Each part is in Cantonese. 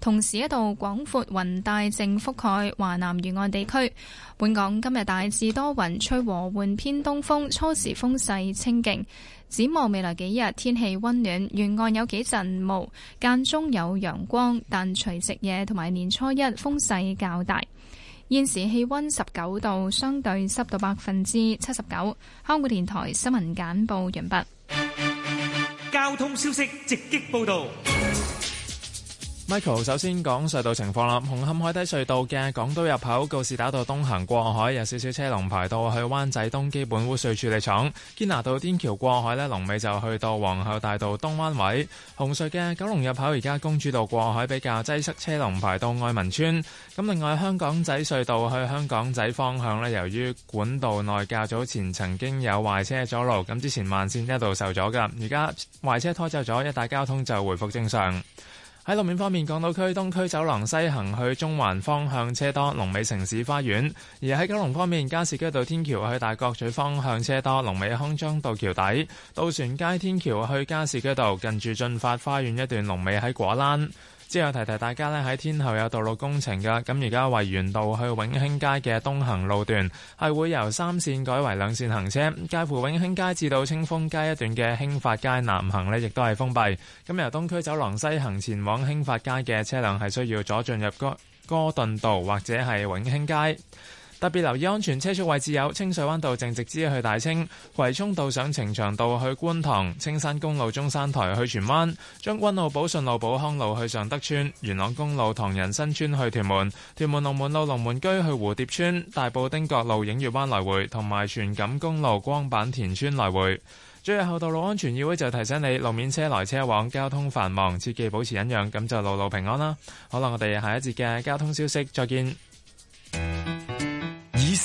同時，一度廣闊雲帶正覆蓋華南沿岸地區。本港今日大致多雲，吹和緩偏東風，初時風勢清勁。展望未來幾日天氣温暖，沿岸有幾陣霧，間中有陽光，但除夕夜同埋年初一風勢較大。現時氣温十九度，相對濕度百分之七十九。香港電台新聞簡報完畢。交通消息直擊報導。Michael 首先講隧道情況啦。紅磡海底隧道嘅港島入口告士打道東行過海有少少車龍排到去灣仔東基本污水處理廠。堅拿道天橋過海呢，龍尾就去到皇后大道東灣位。紅隧嘅九龍入口而家公主道過海比較擠塞，車龍排到愛民村。咁另外香港仔隧道去香港仔方向呢，由於管道內較早前曾經有壞車阻路，咁之前慢線一度受阻噶，而家壞車拖走咗，一帶交通就回復正常。喺路面方面，港島區東區走廊西行去中環方向車多，龍尾城市花園；而喺九龍方面，加士居道天橋去大角咀方向車多，龍尾康莊道橋底；渡船街天橋去加士居道近住駿發花園一段龍尾喺果欄。之後提提大家呢，喺天后有道路工程嘅，咁而家維園道去永興街嘅東行路段係會由三線改為兩線行車，介乎永興街至到清風街一段嘅興發街南行呢，亦都係封閉。咁由東區走廊西行前往興發街嘅車輛係需要左進入哥哥頓道或者係永興街。特別留意安全車速位置，有清水灣道正直支去大清、葵涌道上呈祥道去觀塘、青山公路中山台去荃灣、將軍澳寶順路，順路寶康路去尚德村、元朗公路唐人新村去屯門、屯門龍門路龍門居去蝴蝶村、大埔汀角路映月灣來回，同埋荃錦公路光板田村來回。最後道路安全議會就提醒你，路面車來車往，交通繁忙，切記保持忍讓，咁就路路平安啦。好啦，我哋下一節嘅交通消息，再見。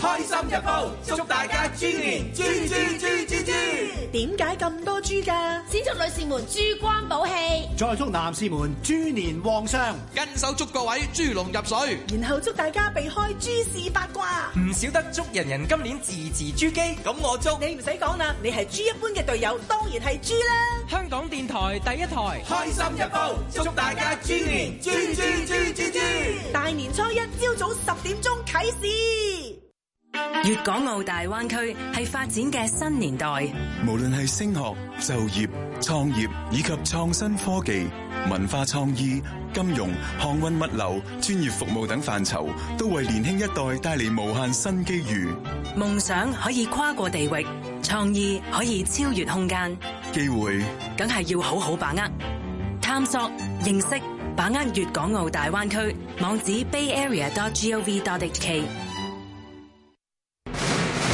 開心日報祝大家豬年豬豬豬豬，豬豬豬豬豬，點解咁多豬㗎？先祝女士們珠光寶氣，再祝男士們豬年旺相，跟手祝各位豬龍入水，然後祝大家避開豬事八卦，唔少得祝人人今年字字珠璣。咁我祝你唔使講啦，你係豬一般嘅隊友，當然係豬啦。香港電台第一台開心日報祝大家豬年豬豬，豬豬豬豬豬，大年初一朝早十點鐘啟事。粵港澳大灣區係發展嘅新年代，無論係升學、就業、創業以及創新科技、文化創意、金融、航運物流、專業服務等範疇，都為年輕一代帶嚟無限新機遇。夢想可以跨過地域，創意可以超越空間，機會梗係要好好把握。探索、認識、把握粵港澳大灣區網址：bayarea.gov.hk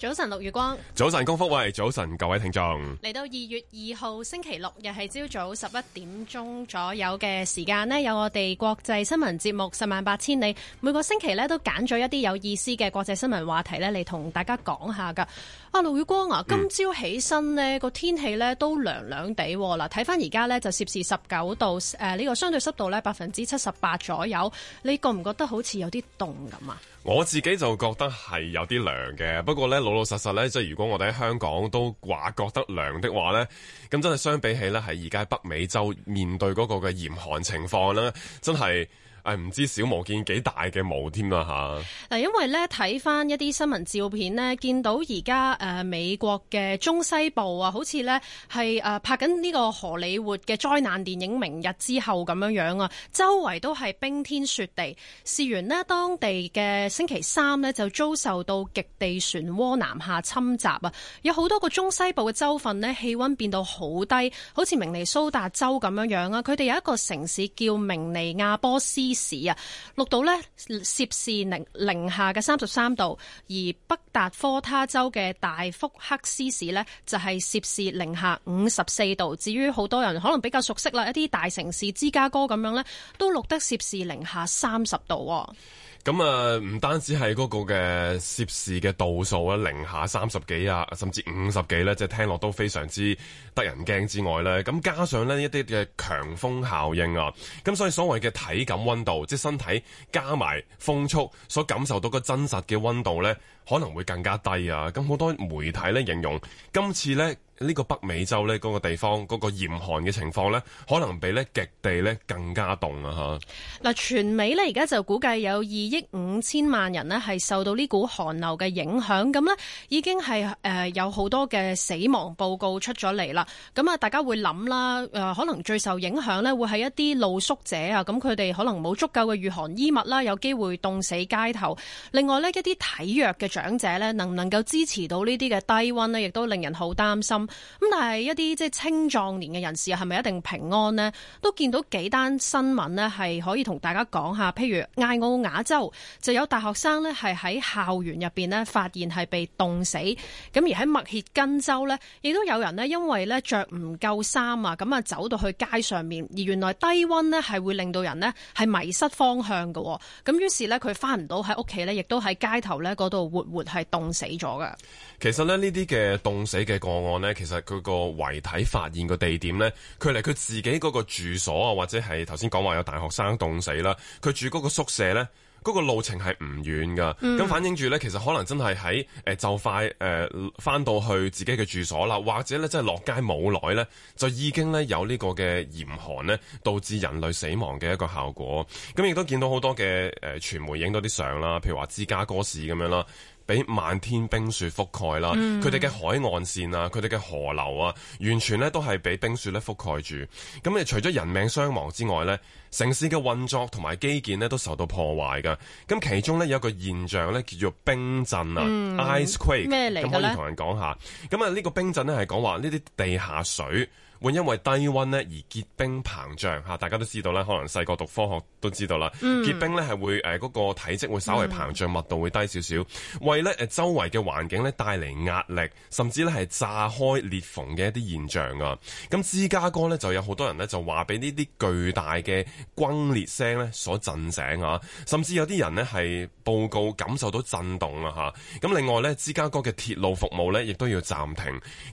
早晨，六月光。早晨，龔福慧。早晨，各位聽眾。嚟到二月二號星期六日係朝早十一點鐘左右嘅時間呢，有我哋國際新聞節目《十萬八千里》。每個星期呢都揀咗一啲有意思嘅國際新聞話題呢嚟同大家講下噶。啊，六月光啊，今朝起身呢個、嗯、天氣呢都涼涼地嗱，睇翻而家呢，就攝氏十九度，誒、呃、呢、這個相對濕度呢，百分之七十八左右，你覺唔覺得好似有啲凍咁啊？我自己就覺得係有啲涼嘅，不過呢，老老實實呢，即係如果我哋喺香港都話覺得涼的話呢，咁真係相比起呢，喺而家北美洲面對嗰個嘅嚴寒情況呢，真係。誒、哎，唔知小毛見幾大嘅毛添啊吓！嗱、啊，因為咧睇翻一啲新聞照片咧，見到而家誒美國嘅中西部啊，好似咧係誒拍緊呢個荷里活嘅災難電影《明日之後》咁樣樣啊，周圍都係冰天雪地。事緣咧當地嘅星期三咧就遭受到極地漩渦南下侵襲啊，有好多個中西部嘅州份咧氣溫變到好低，好似明尼蘇達州咁樣樣啊，佢哋有一個城市叫明尼亞波斯。市啊，錄到呢攝氏零零下嘅三十三度，而北達科他州嘅大福克斯市呢就係攝氏零下五十四度。至於好多人可能比較熟悉啦，一啲大城市芝加哥咁樣呢都錄得攝氏零下三十度。咁啊，唔單止係嗰個嘅攝氏嘅度數啊，零下三十幾啊，甚至五十幾咧，即係聽落都非常之得人驚之外咧，咁加上呢一啲嘅強風效應啊，咁所以所謂嘅體感温度，即係身體加埋風速所感受到個真實嘅温度咧，可能會更加低啊！咁好多媒體咧形容今次咧。呢個北美洲呢個地方嗰個嚴寒嘅情況呢，可能比呢極地呢更加凍啊！嚇嗱，全美呢而家就估計有二億五千萬人呢係受到呢股寒流嘅影響，咁呢已經係誒有好多嘅死亡報告出咗嚟啦。咁啊，大家會諗啦，誒可能最受影響呢會係一啲露宿者啊，咁佢哋可能冇足夠嘅御寒衣物啦，有機會凍死街頭。另外呢，一啲體弱嘅長者呢，能唔能夠支持到呢啲嘅低温呢？亦都令人好擔心。咁但係一啲即係青壯年嘅人士係咪一定平安呢？都見到幾單新聞呢係可以同大家講下。譬如艾歐瓦州就有大學生呢係喺校園入邊呢發現係被凍死。咁而喺密歇根州呢，亦都有人呢因為呢着唔夠衫啊，咁啊走到去街上面，而原來低溫呢係會令到人呢係迷失方向喎。咁於是呢，佢翻唔到喺屋企呢，亦都喺街頭呢嗰度活活係凍死咗噶。其實呢呢啲嘅凍死嘅個案呢。其實佢個遺體發現個地點咧，距離佢自己嗰個住所啊，或者係頭先講話有大學生凍死啦，佢住嗰個宿舍咧，嗰、那個路程係唔遠噶。咁、嗯、反映住咧，其實可能真係喺誒就快誒翻、呃、到去自己嘅住所啦，或者咧真係落街冇耐咧，就已經咧有呢個嘅嚴寒咧，導致人類死亡嘅一個效果。咁亦都見到好多嘅誒傳媒影到啲相啦，譬如話芝加哥市咁樣啦。俾漫天冰雪覆蓋啦，佢哋嘅海岸線啊，佢哋嘅河流啊，完全咧都係俾冰雪咧覆蓋住。咁誒，除咗人命傷亡之外咧，城市嘅運作同埋基建咧都受到破壞㗎。咁其中咧有一個現象咧叫做冰震啊，Ice Quake。咩嚟嘅咧？咁可以同人講下。咁啊，呢個冰震咧係講話呢啲地下水。會因為低溫而結冰膨脹嚇，大家都知道啦。可能細個讀科學都知道啦、嗯。結冰呢係會誒嗰、呃那個體積會稍微膨脹，密度會低少少，為咧、呃、周圍嘅環境呢帶嚟壓力，甚至呢係炸開裂縫嘅一啲現象啊。咁芝加哥呢就有好多人呢就話俾呢啲巨大嘅轟裂聲所震醒啊，甚至有啲人呢係報告感受到震動啊。咁另外呢，芝加哥嘅鐵路服務呢亦都要暫停。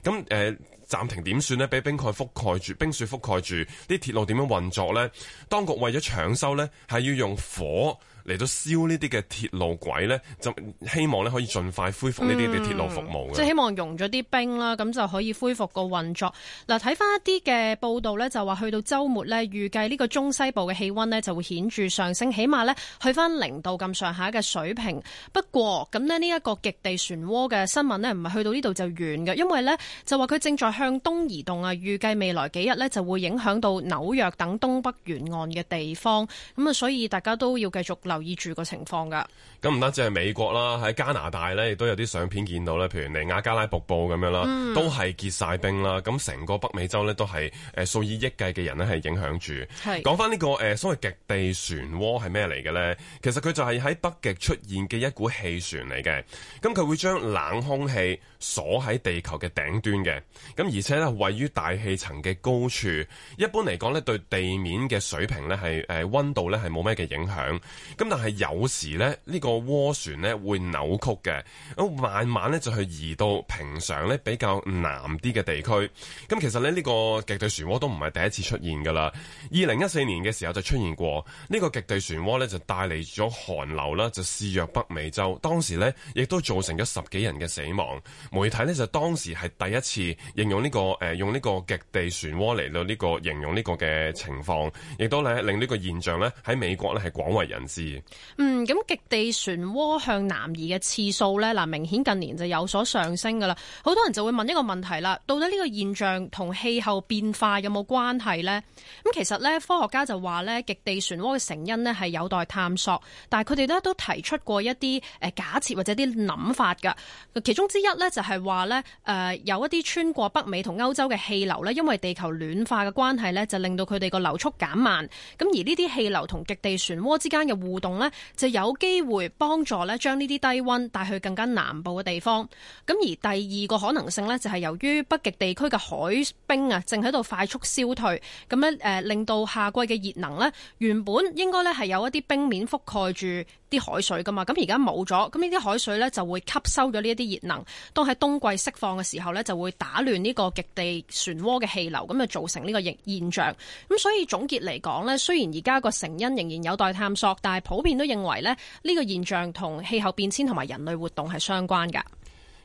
咁誒。呃暫停，點算呢？俾冰蓋覆蓋住，冰雪覆蓋住啲鐵路點樣運作呢？當局為咗搶修，呢係要用火。嚟到燒呢啲嘅鐵路軌呢，就希望呢可以盡快恢復呢啲嘅鐵路服務嘅。即、嗯、係、就係、希望融咗啲冰啦，咁就可以恢復個運作。嗱，睇翻一啲嘅報道呢，就話去到週末呢，預計呢個中西部嘅氣温呢就會顯著上升，起碼呢去翻零度咁上下嘅水平。不過咁呢，呢一個極地漩渦嘅新聞呢，唔係去到呢度就完嘅，因為呢就話佢正在向東移動啊，預計未來幾日呢就會影響到紐約等東北沿岸嘅地方。咁啊，所以大家都要繼續留意。留意住個情況噶，咁唔單止係美國啦，喺加拿大咧，亦都有啲相片見到咧，譬如尼亞加拉瀑布咁樣啦，嗯，都係結晒冰啦。咁成個北美洲咧都係誒、呃、數以億計嘅人咧係影響住。係講翻呢個誒、呃、所謂極地漩渦係咩嚟嘅咧？其實佢就係喺北極出現嘅一股氣旋嚟嘅。咁佢會將冷空氣鎖喺地球嘅頂端嘅。咁而且咧位於大氣層嘅高處，一般嚟講咧對地面嘅水平咧係誒温度咧係冇咩嘅影響。咁但係有時咧，呢個渦旋咧會扭曲嘅，咁慢慢咧就去移到平常咧比較南啲嘅地區。咁其實咧呢個極地漩渦都唔係第一次出現噶啦。二零一四年嘅時候就出現過呢、這個極地漩渦咧，就帶嚟咗寒流啦，就肆虐北美洲。當時咧亦都造成咗十幾人嘅死亡。媒體咧就當時係第一次應用、這個呃用這個、形容呢個誒用呢個極地漩渦嚟到呢個形容呢個嘅情況，亦都咧令呢個現象咧喺美國咧係廣為人知。嗯，咁極地漩渦向南移嘅次數呢，嗱明顯近年就有所上升噶啦。好多人就會問一個問題啦，到底呢個現象同氣候變化有冇關係呢？咁其實呢，科學家就話呢極地漩渦嘅成因呢係有待探索，但係佢哋都提出過一啲誒假設或者啲諗法噶。其中之一呢，就係話呢誒有一啲穿過北美同歐洲嘅氣流呢，因為地球暖化嘅關係呢，就令到佢哋個流速減慢。咁而呢啲氣流同極地漩渦之間嘅互動動咧就有機會幫助咧將呢啲低溫帶去更加南部嘅地方。咁而第二個可能性呢，就係由於北極地區嘅海冰啊，正喺度快速消退，咁咧誒令到夏季嘅熱能呢，原本應該呢係有一啲冰面覆蓋住。啲海水噶嘛，咁而家冇咗，咁呢啲海水呢，就會吸收咗呢一啲熱能，當喺冬季釋放嘅時候呢，就會打亂呢個極地漩渦嘅氣流，咁就造成呢個現象。咁所以總結嚟講呢，雖然而家個成因仍然有待探索，但係普遍都認為呢，呢個現象同氣候變遷同埋人類活動係相關㗎。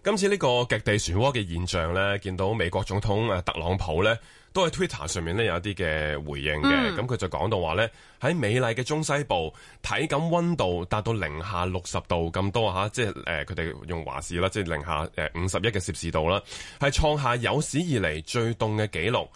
今次呢個極地漩渦嘅現象呢，見到美國總統特朗普呢。都喺 Twitter 上面咧有一啲嘅回應嘅，咁、嗯、佢就講到話咧，喺美麗嘅中西部，體感溫度達到零下六十度咁多吓，即係誒佢哋用華氏啦，即係零下誒五十一嘅攝氏度啦，係創下有史以嚟最凍嘅紀錄。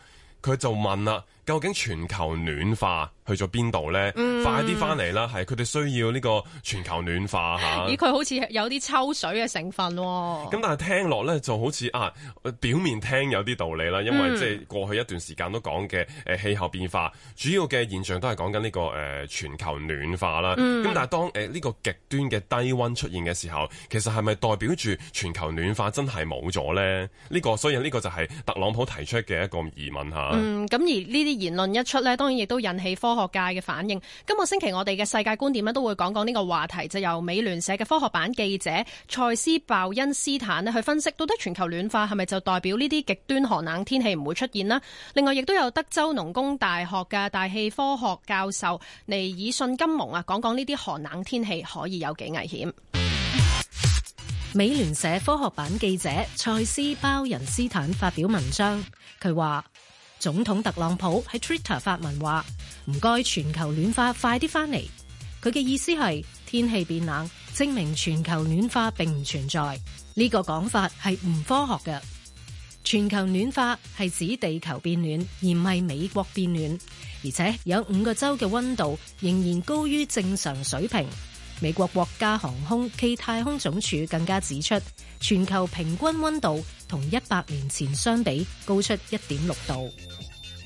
佢就問啦。究竟全球暖化去咗邊度咧？快啲翻嚟啦！係佢哋需要呢個全球暖化吓，咦？佢好似有啲抽水嘅成分喎、哦。咁但係聽落咧就好似啊，表面聽有啲道理啦。因為即係過去一段時間都講嘅誒氣候變化，主要嘅現象都係講緊呢個誒、呃、全球暖化啦。咁、嗯、但係當誒呢個極端嘅低温出現嘅時候，其實係咪代表住全球暖化真係冇咗咧？呢、呢個所以呢個就係特朗普提出嘅一個疑問吓。嗯，咁而呢啲。言論一出呢，當然亦都引起科學界嘅反應。今個星期我哋嘅世界觀點都會講講呢個話題，就由美聯社嘅科學版記者塞斯鮑恩斯坦去分析，到底全球暖化係咪就代表呢啲極端寒冷天氣唔會出現啦？另外，亦都有德州農工大學嘅大氣科學教授尼爾遜金蒙啊，講講呢啲寒冷天氣可以有幾危險。美聯社科學版記者塞斯鮑恩斯坦發表文章，佢話總統特朗普喺 Twitter 發文話：唔該，全球暖化快啲翻嚟。佢嘅意思係天氣變冷，證明全球暖化並唔存在。呢個講法係唔科學嘅。全球暖化係指地球變暖，而唔係美國變暖。而且有五個州嘅溫度仍然高於正常水平。美國國家航空暨太空總署更加指出，全球平均溫度同一百年前相比高出一點六度。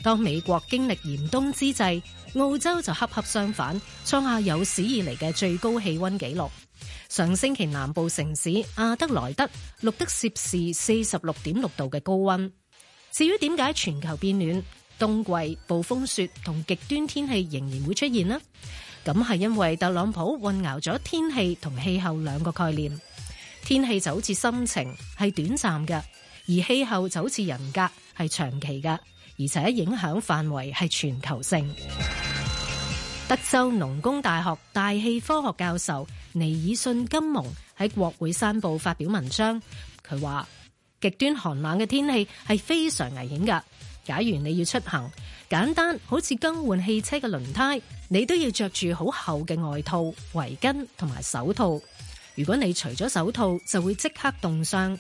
當美國經歷嚴冬之際，澳洲就恰恰相反，創下有史以來嘅最高氣溫紀錄。上星期南部城市阿德萊德錄得攝氏四十六點六度嘅高溫。至於點解全球變暖，冬季暴風雪同極端天氣仍然會出現呢？咁係因為特朗普混淆咗天氣同氣候兩個概念。天氣就好似心情，係短暫嘅；而氣候就好似人格，係長期嘅。而且影響範圍係全球性。德州農工大學，大氣科學教授尼爾遜金蒙喺國會山報發表文章他說，佢話極端寒冷嘅天氣係非常危險噶。假如你要出行，簡單好似更換汽車嘅輪胎，你都要着住好厚嘅外套、圍巾同埋手套。如果你除咗手套，就會即刻凍傷。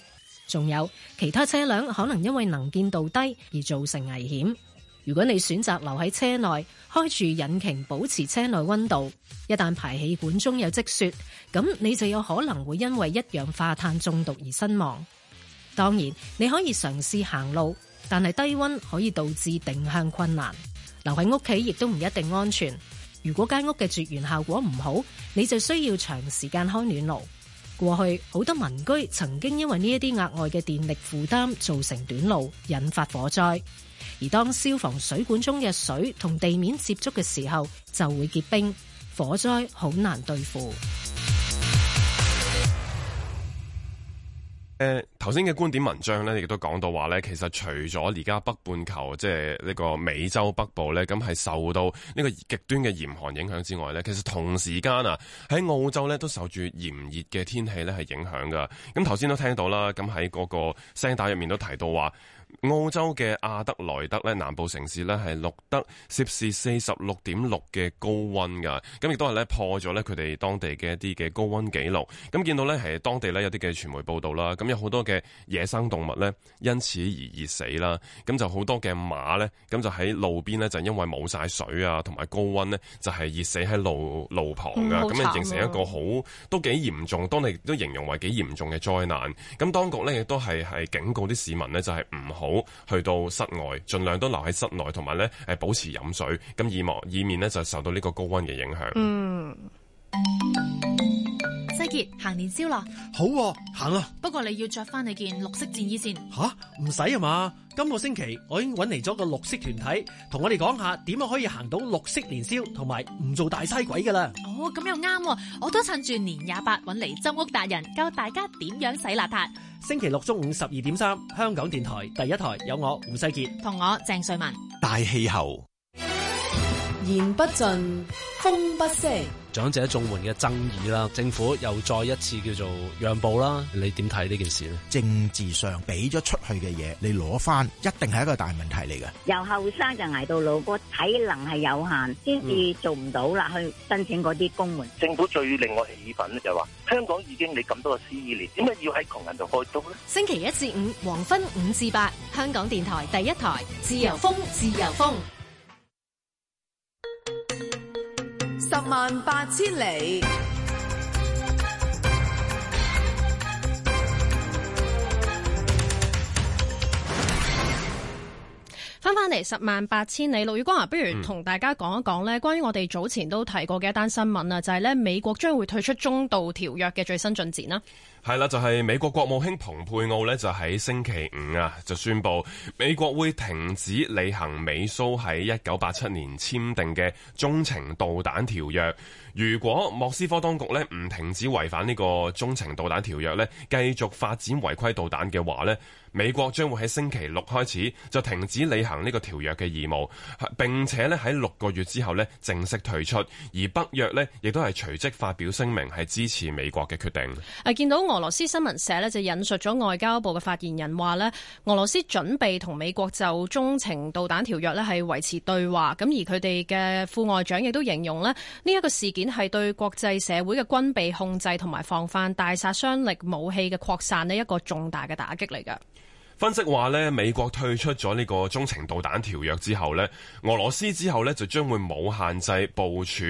仲有其他車輛可能因為能見度低而造成危險。如果你選擇留喺車內，開住引擎保持車內溫度，一旦排氣管中有積雪，咁你就有可能會因為一氧化碳中毒而身亡。當然，你可以嘗試行路，但係低溫可以導致定向困難。留喺屋企亦都唔一定安全。如果間屋嘅絕緣效果唔好，你就需要長時間開暖爐。過去好多民居曾經因為呢一啲額外嘅電力負擔造成短路，引發火災。而當消防水管中嘅水同地面接觸嘅時候，就會結冰，火災好難對付。誒頭先嘅觀點文章咧，亦都講到話咧，其實除咗而家北半球，即係呢個美洲北部咧，咁係受到呢個極端嘅嚴寒影響之外咧，其實同時間啊，喺澳洲咧都受住炎熱嘅天氣咧係影響噶。咁頭先都聽到啦，咁喺嗰個聲帶入面都提到話。澳洲嘅阿德萊德咧，南部城市咧係錄得攝氏四十六點六嘅高溫噶，咁亦都係咧破咗咧佢哋當地嘅一啲嘅高溫紀錄。咁見到咧係當地咧有啲嘅傳媒報道啦，咁有好多嘅野生動物咧因此而熱死啦，咁就好多嘅馬咧，咁就喺路邊咧就因為冇晒水啊，同埋高溫咧就係熱死喺路路旁噶，咁、嗯、樣形成一個好都幾嚴重，當地都形容為幾嚴重嘅災難。咁當局咧亦都係係警告啲市民咧就係唔好。好，去到室外，儘量都留喺室內，同埋咧誒保持飲水，咁以莫以免咧就受到呢個高溫嘅影響。嗯。行年宵啦，好啊，行啊。不過你要着翻你件綠色戰衣先。吓、啊，唔使啊嘛。今個星期我已經搵嚟咗個綠色團體，同我哋講下點樣可以行到綠色年宵，同埋唔做大嘥鬼㗎喇。哦，咁又啱啊。我都趁住年廿八搵嚟針屋達人，教大家點樣洗邋遢。星期六中午十二點三，3, 香港電台第一台有我胡世杰同我鄭瑞文大氣候。言不盡，風不息。長者綜援嘅爭議啦，政府又再一次叫做讓步啦。你點睇呢件事咧？政治上俾咗出去嘅嘢，你攞翻，一定係一個大問題嚟嘅。由後生就捱到老，個體能係有限，先至做唔到啦，去申請嗰啲綜援。政府最令我氣憤咧，就係話香港已經你咁多個施年，點解要喺窮人度開刀咧？星期一至五黃昏五至八，香港電台第一台，自由風，自由風。十萬八千里。翻嚟十萬八千里，路，宇光啊，不如同大家講一講咧、嗯，關於我哋早前都提過嘅一單新聞啦，就係、是、咧美國將會退出中導條約嘅最新進展啦。係啦，就係、是、美國國務卿蓬佩奧咧，就喺星期五啊，就宣布美國會停止履行美蘇喺一九八七年簽訂嘅中程導彈條約。如果莫斯科當局咧唔停止違反呢個中程導彈條約咧，繼續發展違規導彈嘅話咧。美國將會喺星期六開始就停止履行呢個條約嘅義務，係並且咧喺六個月之後咧正式退出。而北約咧亦都係隨即發表聲明，係支持美國嘅決定。誒，見到俄羅斯新聞社咧就引述咗外交部嘅發言人話咧，俄羅斯準備同美國就中程導彈條約咧係維持對話。咁而佢哋嘅副外長亦都形容咧呢一個事件係對國際社會嘅軍備控制同埋防範大殺傷力武器嘅擴散咧一個重大嘅打擊嚟㗎。分析話呢，美國退出咗呢個中程導彈條約之後呢，俄羅斯之後呢，就將會冇限制部署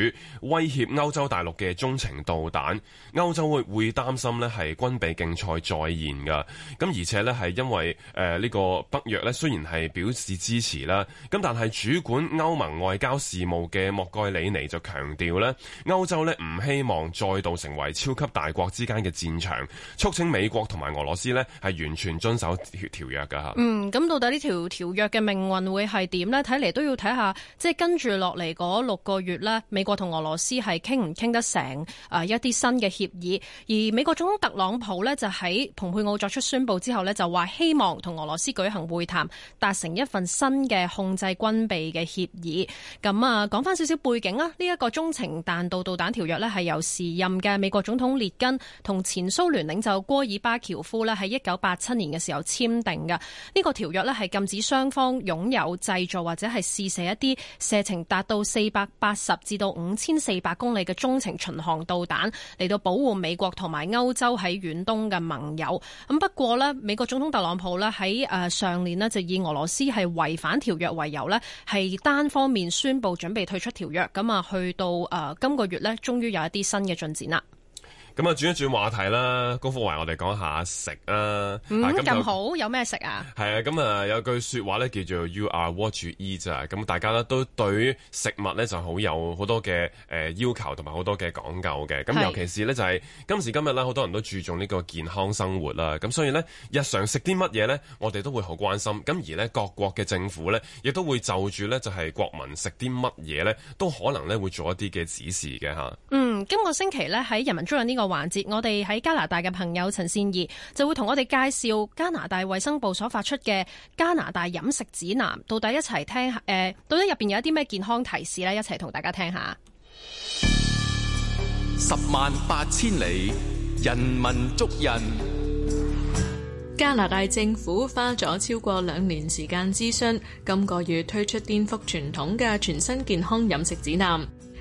威脅歐洲大陸嘅中程導彈，歐洲會會擔心呢係軍備競賽再現㗎。咁而且呢，係因為誒呢個北約呢雖然係表示支持啦，咁但係主管歐盟外交事務嘅莫蓋里尼就強調呢，歐洲呢唔希望再度成為超級大國之間嘅戰場，促請美國同埋俄羅斯呢係完全遵守協。條約噶吓，嗯，咁到底呢條條約嘅命運會係點呢？睇嚟都要睇下，即係跟住落嚟嗰六個月呢，美國同俄羅斯係傾唔傾得成誒，一啲新嘅協議。而美國總統特朗普呢，就喺蓬佩奧作出宣布之後呢，就話希望同俄羅斯舉行會談，達成一份新嘅控制軍備嘅協議。咁、嗯、啊，講翻少少背景啦，呢、這、一個中程彈道導彈條約呢，係由時任嘅美國總統列根同前蘇聯領袖戈爾巴喬夫呢，喺一九八七年嘅時候簽訂。嘅、這、呢個條約呢，係禁止雙方擁有製造或者係試射一啲射程達到四百八十至到五千四百公里嘅中程巡航導彈，嚟到保護美國同埋歐洲喺遠東嘅盟友。咁不過呢，美國總統特朗普呢，喺誒上年呢，就以俄羅斯係違反條約為由呢，係單方面宣布準備退出條約。咁啊，去到誒今個月呢，終於有一啲新嘅進展啦。咁啊，轉一轉話題啦，高福圍，我哋講下食啊。咁、嗯、咁、嗯、好，有咩食啊？係啊，咁啊，有句說話咧叫做 You are what you eat。咋咁大家呢都對食物咧就好有好多嘅、誒要求同埋好多嘅講究嘅。咁尤其是呢，就係今時今日呢，好多人都注重呢個健康生活啦。咁所以呢，日常食啲乜嘢呢，我哋都會好關心。咁而呢，各國嘅政府呢，亦都會就住呢，就係國民食啲乜嘢呢，都可能呢會做一啲嘅指示嘅吓。嗯，今個星期呢，喺人民中印呢、這個環節，我哋喺加拿大嘅朋友陳善儀就會同我哋介紹加拿大衛生部所發出嘅加拿大飲食指南，到底一齊聽誒、呃，到底入邊有一啲咩健康提示呢？一齊同大家聽下。十萬八千里，人民捉人。加拿大政府花咗超過兩年時間諮詢，今個月推出顛覆傳統嘅全新健康飲食指南。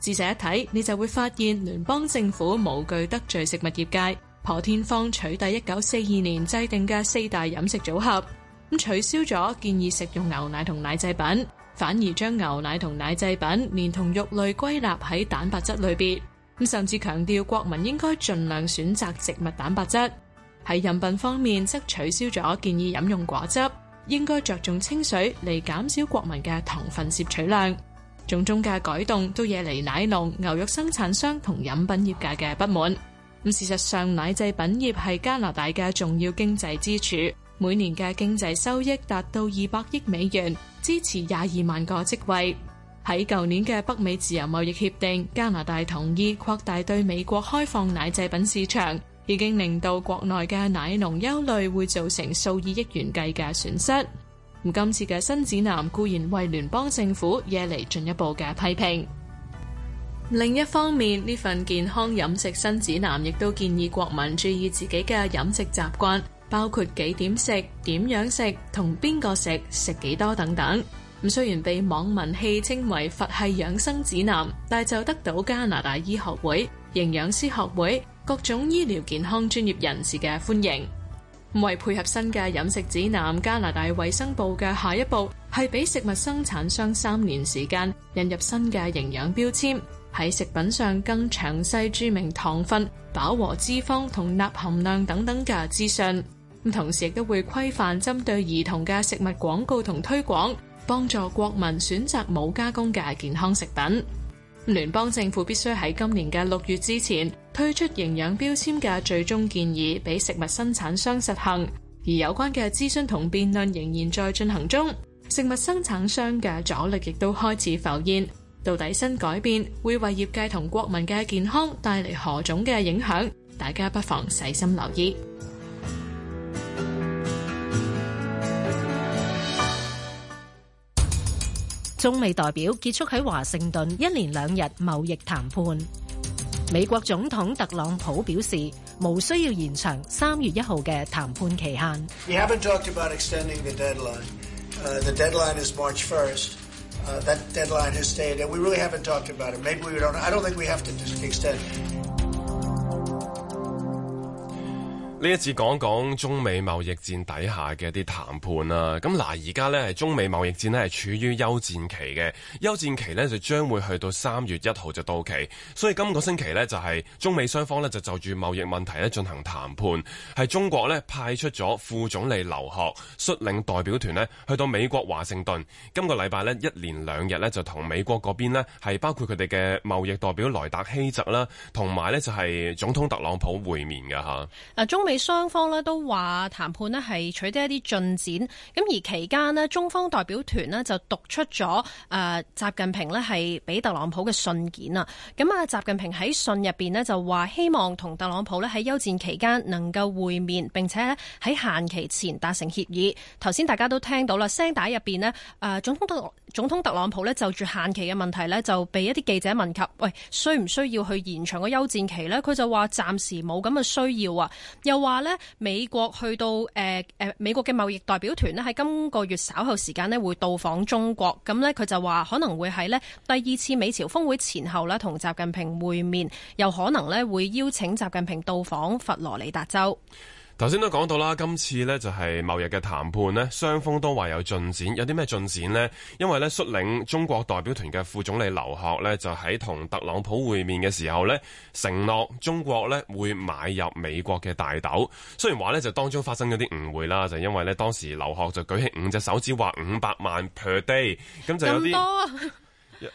仔細一睇，你就會發現聯邦政府無懼得罪食物業界，破天荒取締1942年制定嘅四大飲食組合，咁取消咗建議食用牛奶同奶製品，反而將牛奶同奶製品連同肉類歸納喺蛋白質類別，咁甚至強調國民應該盡量選擇植物蛋白質。喺飲品方面，則取消咗建議飲用果汁，應該着重清水嚟減少國民嘅糖分攝取量。種種嘅改動都惹嚟奶農、牛肉生產商同飲品業界嘅不滿。咁事實上，奶製品業係加拿大嘅重要經濟支柱，每年嘅經濟收益達到二百億美元，支持廿二萬個職位。喺舊年嘅北美自由貿易協定，加拿大同意擴大對美國開放奶製品市場，已經令到國內嘅奶農憂慮會造成數以億元計嘅損失。今次嘅新指南固然為聯邦政府惹嚟進一步嘅批評。另一方面，呢份健康飲食新指南亦都建議國民注意自己嘅飲食習慣，包括幾點食、點樣食、同邊個食、食幾多等等。咁雖然被網民戲稱為佛系養生指南，但就得到加拿大醫學會、營養師學會各種醫療健康專業人士嘅歡迎。為配合新嘅飲食指南，加拿大衛生部嘅下一步係俾食物生產商三年時間引入新嘅營養標籤，喺食品上更詳細注明糖分、飽和脂肪同鈉含量等等嘅資訊。同時亦都會規範針對兒童嘅食物廣告同推廣，幫助國民選擇冇加工嘅健康食品。聯邦政府必須喺今年嘅六月之前推出營養標籤嘅最終建議俾食物生產商實行。而有關嘅諮詢同辯論仍然在進行中，食物生產商嘅阻力亦都開始浮現，到底新改變會為業界同國民嘅健康帶嚟何種嘅影響，大家不妨細心留意。中美代表結束喺華盛頓一連兩日貿易談判。美國總統特朗普表示，冇需要延長三月一號嘅談判期限。呢一次講講中美貿易戰底下嘅一啲談判啦，啊，咁嗱而家呢係中美貿易戰呢係處於休戰期嘅，休戰期呢就將會去到三月一號就到期，所以今個星期呢，就係、是、中美雙方呢就就住貿易問題呢進行談判，係中國呢派出咗副總理劉鶴率領代表團呢去到美國華盛頓，今、這個禮拜呢，一連兩日呢就同美國嗰邊呢係包括佢哋嘅貿易代表萊達希澤啦，同埋呢就係、是、總統特朗普會面嘅嚇。中雙方都話談判咧係取得一啲進展，咁而期間中方代表團就讀出咗誒，習近平咧係俾特朗普嘅信件啊。咁啊，習近平喺信入邊咧就話希望同特朗普咧喺休戰期間能夠會面，並且喺限期前達成協議。頭先大家都聽到啦，聲帶入邊咧，誒、呃，總統特總統特朗普咧就住限期嘅問題就被一啲記者問及，喂，需唔需要去延長個休戰期呢？佢就話暫時冇咁嘅需要啊。又話咧，美國去到誒誒、呃，美國嘅貿易代表團咧喺今個月稍後時間咧會到訪中國，咁咧佢就話可能會喺咧第二次美朝峰會前後咧同習近平會面，又可能咧會邀請習近平到訪佛羅里達州。頭先都講到啦，今次呢就係貿易嘅談判呢，雙方都話有進展，有啲咩進展呢？因為呢，率領中國代表團嘅副總理劉鶴呢，就喺同特朗普會面嘅時候呢，承諾中國呢會買入美國嘅大豆。雖然話呢，就當中發生咗啲誤會啦，就是、因為呢，當時劉鶴就舉起五隻手指話五百萬 per day，咁就有啲。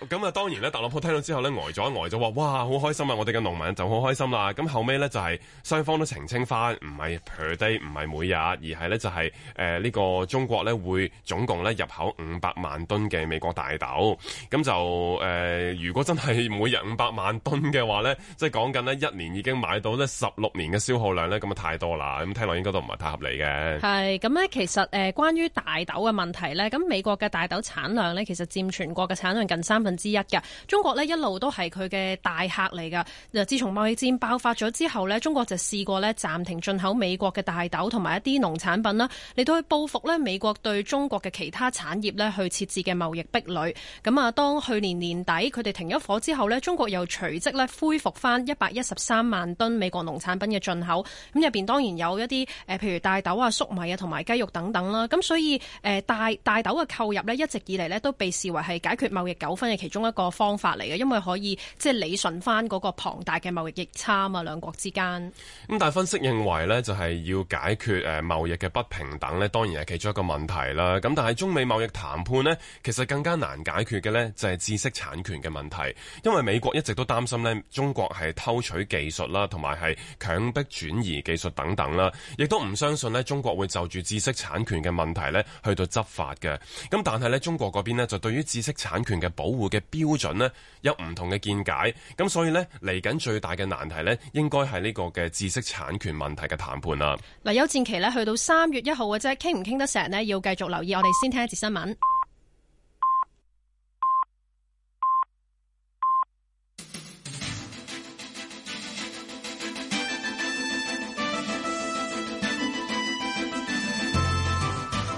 咁啊，當然咧，特朗普聽到之後咧，呆咗，呆咗，話哇，好開心啊！我哋嘅農民就好開心啦，啊。咁後尾咧就係、是、雙方都澄清翻，唔係 per day，唔係每日，而係咧就係、是、呢、呃這個中國咧會總共咧入口五百萬噸嘅美國大豆。咁就誒、呃，如果真係每日五百萬噸嘅話咧，即係講緊呢一年已經買到呢十六年嘅消耗量咧，咁啊太多啦。咁聽落應該都唔係太合理嘅。係，咁咧其實誒、呃、關於大豆嘅問題咧，咁美國嘅大豆產量咧，其實佔全國嘅產量近三分之一嘅中國呢，一路都係佢嘅大客嚟噶。嗱，自從貿易戰爆發咗之後呢，中國就試過呢暫停進口美國嘅大豆同埋一啲農產品啦，嚟到去報復呢美國對中國嘅其他產業呢去設置嘅貿易壁壘。咁啊，當去年年底佢哋停咗火之後呢，中國又隨即呢恢復翻一百一十三萬噸美國農產品嘅進口。咁入邊當然有一啲誒，譬如大豆啊、粟米啊、同埋雞肉等等啦。咁所以誒，大大豆嘅購入呢，一直以嚟呢都被視為係解決貿易糾紛。係其中一個方法嚟嘅，因為可以即係理順翻嗰個龐大嘅貿易逆差啊嘛，兩國之間。咁但係分析認為呢，就係要解決誒貿易嘅不平等呢。當然係其中一個問題啦。咁但係中美貿易談判呢，其實更加難解決嘅呢，就係知識產權嘅問題，因為美國一直都擔心呢，中國係偷取技術啦，同埋係強迫轉移技術等等啦，亦都唔相信呢，中國會就住知識產權嘅問題呢，去到執法嘅。咁但係呢，中國嗰邊呢，就對於知識產權嘅保護保護嘅標準咧，有唔同嘅見解，咁所以咧，嚟緊最大嘅難題咧，應該係呢個嘅知識產權問題嘅談判啦。嗱，休戰期咧去到三月一號嘅啫，傾唔傾得成咧，要繼續留意。我哋先聽一節新聞。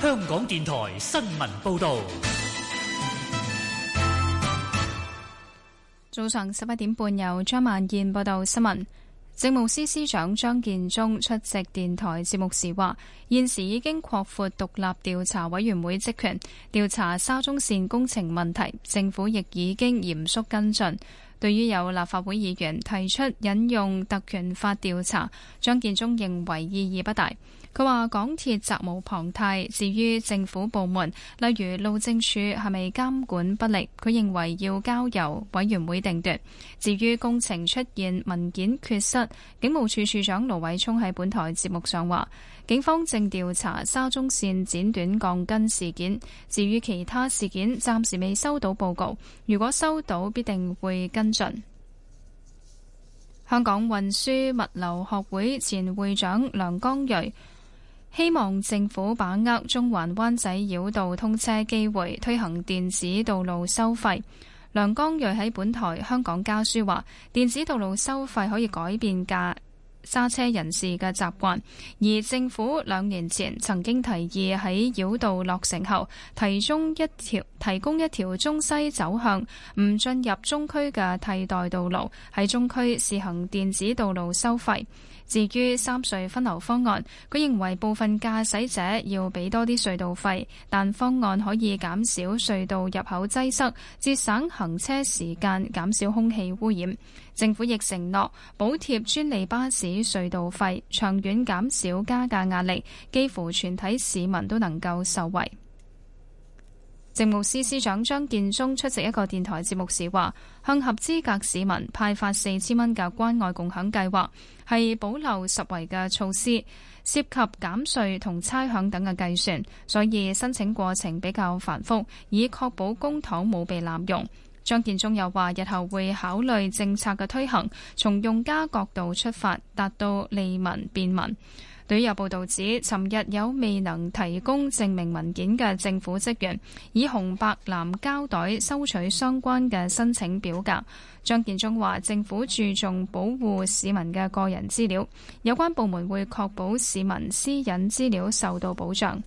香港電台新聞報道。早上十一點半，有張萬燕報道新聞。政務司司長張建宗出席電台節目時話，現時已經擴闊獨立調查委員會職權，調查沙中線工程問題。政府亦已經嚴肅跟進。對於有立法會議員提出引用特權法調查，張建宗認為意義不大。佢話港鐵責無旁貸。至於政府部門，例如路政署，係咪監管不力？佢認為要交由委員會定奪。至於工程出現文件缺失，警務處處長盧偉聰喺本台節目上話，警方正調查沙中線剪短鋼筋事件。至於其他事件，暫時未收到報告。如果收到，必定會跟進。香港運輸物流學會前會長梁光瑞。希望政府把握中環灣仔繞道通車機會，推行電子道路收費。梁江瑞喺本台香港家書話：電子道路收費可以改變駕揸車人士嘅習慣，而政府兩年前曾經提議喺繞道落成後，提供一條提供一條中西走向、唔進入中區嘅替代道路，喺中區試行電子道路收費。至於三隧分流方案，佢認為部分駕駛者要畀多啲隧道費，但方案可以減少隧道入口擠塞，節省行車時間，減少空氣污染。政府亦承諾補貼專利巴士隧道費，長遠減少加價壓力，幾乎全體市民都能夠受惠。政務司司長張建宗出席一個電台節目時話，向合資格市民派發四千蚊嘅關愛共享計劃，係保留實惠嘅措施，涉及減稅同差餉等嘅計算，所以申請過程比較繁複，以確保公帑冇被濫用。張建宗又話，日後會考慮政策嘅推行，從用家角度出發，達到利民便民。旅遊報道指，尋日有未能提供證明文件嘅政府職員，以紅、白、藍膠袋收取相關嘅申請表格。張建宗話：政府注重保護市民嘅個人資料，有關部門會確保市民私隱資料受到保障。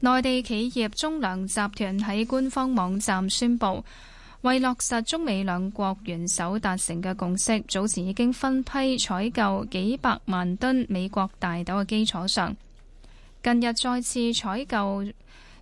內地企業中糧集團喺官方網站宣布。為落實中美兩國元首達成嘅共識，早前已經分批採購幾百萬噸美國大豆嘅基礎上，近日再次採購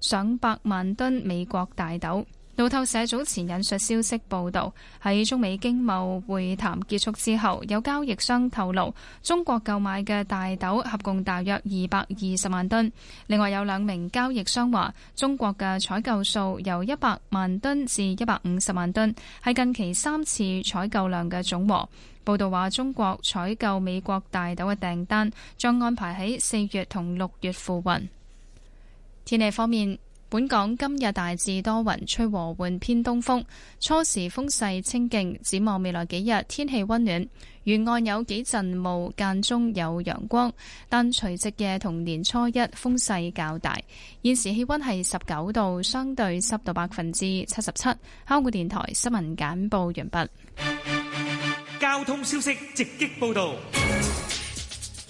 上百萬噸美國大豆。路透社早前引述消息報道，喺中美經貿會談結束之後，有交易商透露，中國購買嘅大豆合共大約二百二十萬噸，另外有兩名交易商話中國嘅採購數由一百萬噸至一百五十萬噸，係近期三次採購量嘅總和。報道話中國採購美國大豆嘅訂單將安排喺四月同六月付運。天氣方面。本港今日大致多雲，吹和緩偏東風，初時風勢清勁。展望未來幾日天氣溫暖，沿岸有幾陣霧，間中有陽光，但除夕夜同年初一風勢較大。現時氣溫係十九度，相對濕度百分之七十七。香港電台新聞簡報完畢。交通消息直擊報道。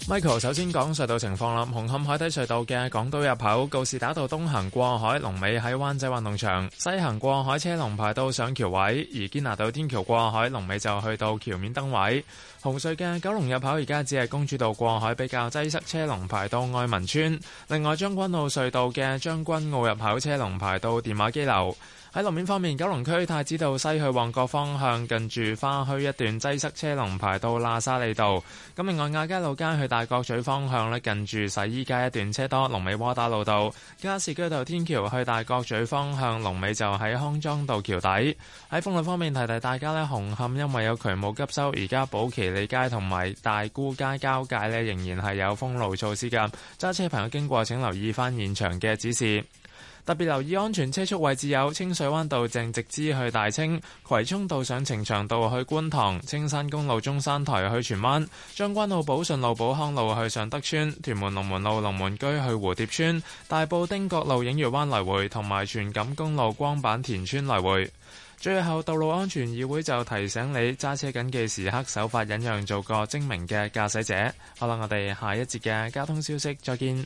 Michael 首先，講隧道情況啦。紅磡海底隧道嘅港島入口告士打道東行過海龍尾喺灣仔運動場，西行過海車龍排到上橋位；而堅拿道天橋過海龍尾就去到橋面燈位。紅隧嘅九龍入口而家只係公主道過海比較擠塞，車龍排到愛民村。另外將軍澳隧道嘅將軍澳入口車龍排到電話機樓。喺路面方面，九龍區太子道西去旺角方向，近住花墟一段擠塞，車龍排到喇沙利道。咁另外，亞皆老街去大角咀方向近住洗衣街一段車多，龍尾窩打路道、加士居道天橋去大角咀方向龍尾就喺康莊道橋底。喺封路方面，提提大家呢紅磡因為有渠務急修，而家寶奇利街同埋大沽街交界呢仍然係有封路措施嘅，揸車朋友經過請留意翻現場嘅指示。特別留意安全車速位置有清水灣道正直支去大清，葵涌道上呈祥道去觀塘，青山公路中山台去荃灣，將軍澳寶順路寶康路去尚德村，屯門龍門路龍門居去蝴蝶村，大埔汀角路映月灣來回同埋荃錦公路光板田村來回。最後，道路安全議會就提醒你揸車緊記時刻守法忍讓，做個精明嘅駕駛者。好啦，我哋下一節嘅交通消息，再見。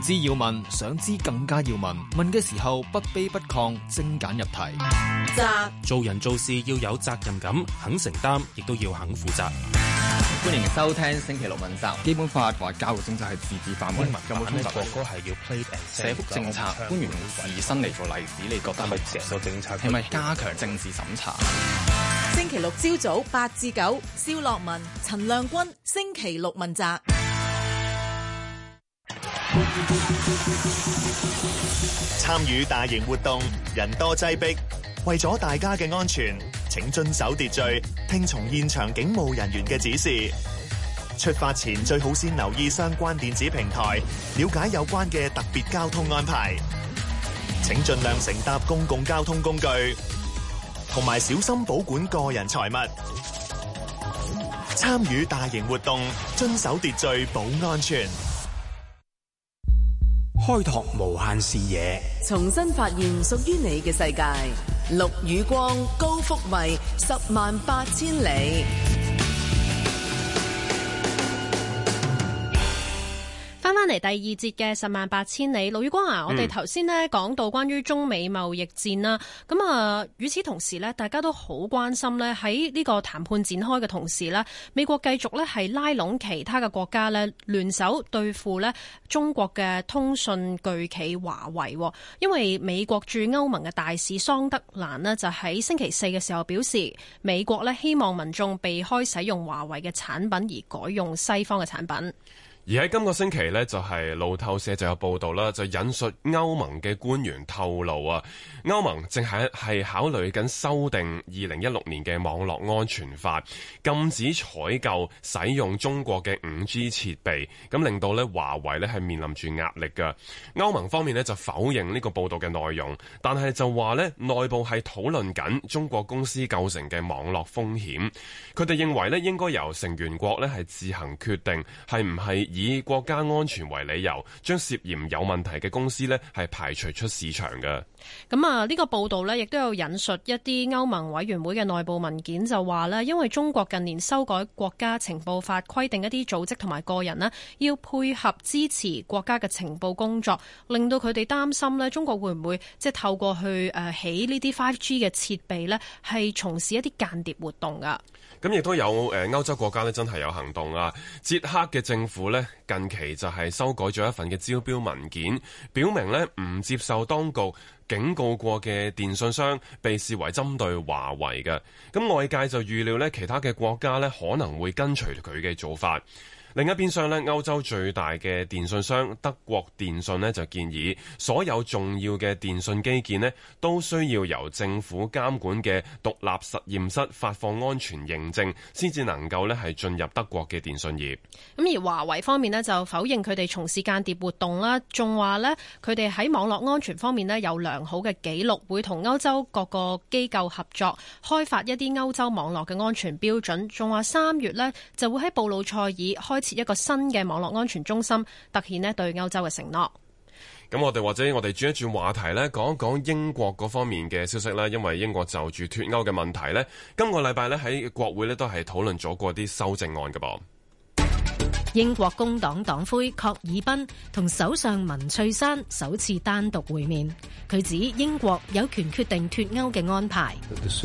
知要問，想知更加要問。問嘅時候不卑不亢，精簡入題。責，做人做事要有責任感，肯承擔亦都要肯負責。歡迎收聽星期六問責。基本法話教育政策係自治範圍，新聞有冇通則？國歌係要 play and 社福政策，官員用自身嚟做例子，你覺得係咪成個政策？係咪加強政治審查？星期六朝早八至九，蕭洛汶、陳亮君，星期六問責。參與大型活動，人多擠逼，為咗大家嘅安全，請遵守秩序，聽從現場警務人員嘅指示。出發前最好先留意相關電子平台，了解有關嘅特別交通安排。請盡量乘搭公共交通工具，同埋小心保管個人財物。參與大型活動，遵守秩序，保安全。開拓無限視野，重新發現屬於你嘅世界。綠與光，高幅位，十萬八千里。返返嚟第二節嘅十萬八千里，盧宇光啊！我哋頭先呢講到關於中美貿易戰啦，咁、嗯、啊，與此同時呢，大家都好關心呢喺呢個談判展開嘅同時呢，美國繼續呢係拉攏其他嘅國家呢聯手對付呢中國嘅通訊巨企華為。因為美國駐歐盟嘅大使桑德蘭呢，就喺星期四嘅時候表示，美國呢希望民眾避開使用華為嘅產品而改用西方嘅產品。而喺今個星期呢，就係路透社就有報道啦，就引述歐盟嘅官員透露啊，歐盟正係係考慮緊修訂二零一六年嘅網絡安全法，禁止採購使用中國嘅五 G 設備，咁令到呢華為呢係面臨住壓力噶。歐盟方面呢就否認呢個報道嘅內容，但係就話呢內部係討論緊中國公司構成嘅網絡風險，佢哋認為呢應該由成員國呢係自行決定係唔係。以國家安全為理由，將涉嫌有問題嘅公司咧係排除出市場嘅。咁啊，呢個報道咧亦都有引述一啲歐盟委員會嘅內部文件，就話咧，因為中國近年修改國家情報法，規定一啲組織同埋個人咧要配合支持國家嘅情報工作，令到佢哋擔心咧，中國會唔會即係透過去誒起呢啲 5G 嘅設備咧，係從事一啲間諜活動啊？咁亦都有誒，歐洲國家咧真係有行動啊！捷克嘅政府咧。近期就係修改咗一份嘅招標文件，表明呢，唔接受當局警告過嘅電信商，被視為針對華為嘅。咁外界就預料呢，其他嘅國家呢，可能會跟隨佢嘅做法。另一邊廂咧，歐洲最大嘅電信商德國電信咧就建議所有重要嘅電信基建咧都需要由政府監管嘅獨立實驗室發放安全認證先至能夠咧係進入德國嘅電信業，咁而華為方面咧就否認佢哋從事間諜活動啦，仲話咧佢哋喺網絡安全方面咧有良好嘅記錄，會同歐洲各個機構合作開發一啲歐洲網絡嘅安全標準，仲話三月咧就會喺布魯塞爾開。設一個新嘅網絡安全中心，凸顯咧對歐洲嘅承諾。咁我哋或者我哋轉一轉話題咧，講一講英國嗰方面嘅消息啦。因為英國就住脫歐嘅問題咧，今個禮拜咧喺國會咧都係討論咗過啲修正案嘅噃。英國工黨黨魁郝爾賓同首相文翠珊首次單獨會面，佢指英國有權決定脫歐嘅安排。This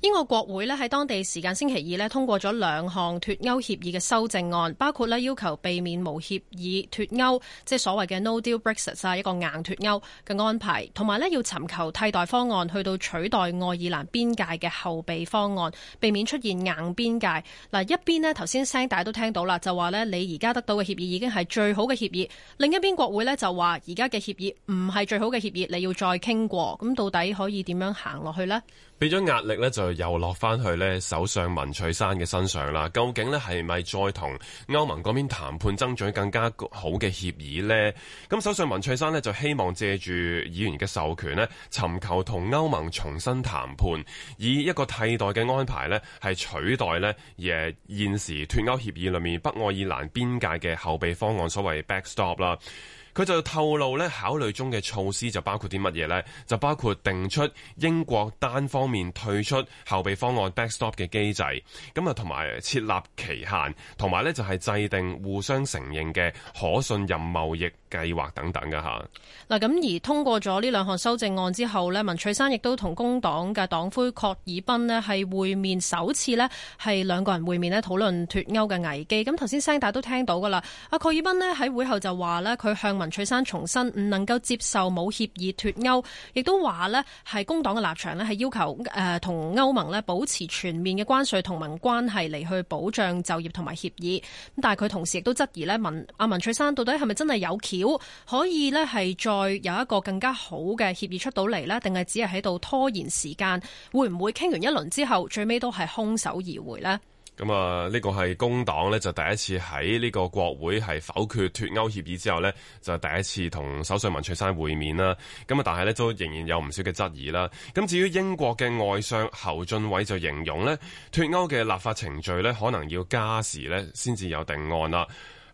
英國國會呢喺當地時間星期二呢通過咗兩項脱歐協議嘅修正案，包括要求避免無協議脱歐，即係所謂嘅 No Deal Brexit，一個硬脱歐嘅安排，同埋呢要尋求替代方案去到取代愛爾蘭邊界嘅後備方案，避免出現硬邊界。嗱，一邊呢頭先聲，大家都聽到啦，就話呢你而家得到嘅協議已經係最好嘅協議；另一邊國會呢就話而家嘅協議唔係最好嘅協議，你要再傾過。咁到底可以點樣行落去呢？俾咗壓力咧，就又落翻去咧，首相文翠珊嘅身上啦。究竟呢係咪再同歐盟嗰邊談判爭取更加好嘅協議呢？咁首相文翠珊呢，就希望借住議員嘅授權呢，尋求同歐盟重新談判，以一個替代嘅安排呢，係取代呢嘅現時脱歐協議裏面北愛爾蘭邊界嘅後備方案所謂 backstop 啦。佢就透露咧，考慮中嘅措施就包括啲乜嘢呢？就包括定出英國單方面退出後備方案 backstop 嘅機制，咁啊，同埋設立期限，同埋咧就係制定互相承認嘅可信任貿易計劃等等㗎吓，嗱，咁而通過咗呢兩項修正案之後咧，文翠珊亦都同工黨嘅黨魁郝爾彬咧係會面，首次咧係兩個人會面咧討論脱歐嘅危機。咁頭先聲帶都聽到㗎啦，阿郝爾彬咧喺會後就話咧，佢向文文翠珊重申唔能夠接受冇協議脱歐，亦都話呢，係工黨嘅立場呢，係要求誒同歐盟呢保持全面嘅關稅同盟關係嚟去保障就業同埋協議。咁但係佢同時亦都質疑呢，文阿文翠珊到底係咪真係有橋可以呢，係再有一個更加好嘅協議出到嚟咧？定係只係喺度拖延時間？會唔會傾完一輪之後最尾都係空手而回咧？咁啊，呢個係工黨呢，就第一次喺呢個國會係否決脱歐協議之後呢，就第一次同首相文翠珊會面啦。咁啊，但係呢，都仍然有唔少嘅質疑啦。咁至於英國嘅外相侯俊偉就形容呢，脱歐嘅立法程序呢，可能要加時呢，先至有定案啦。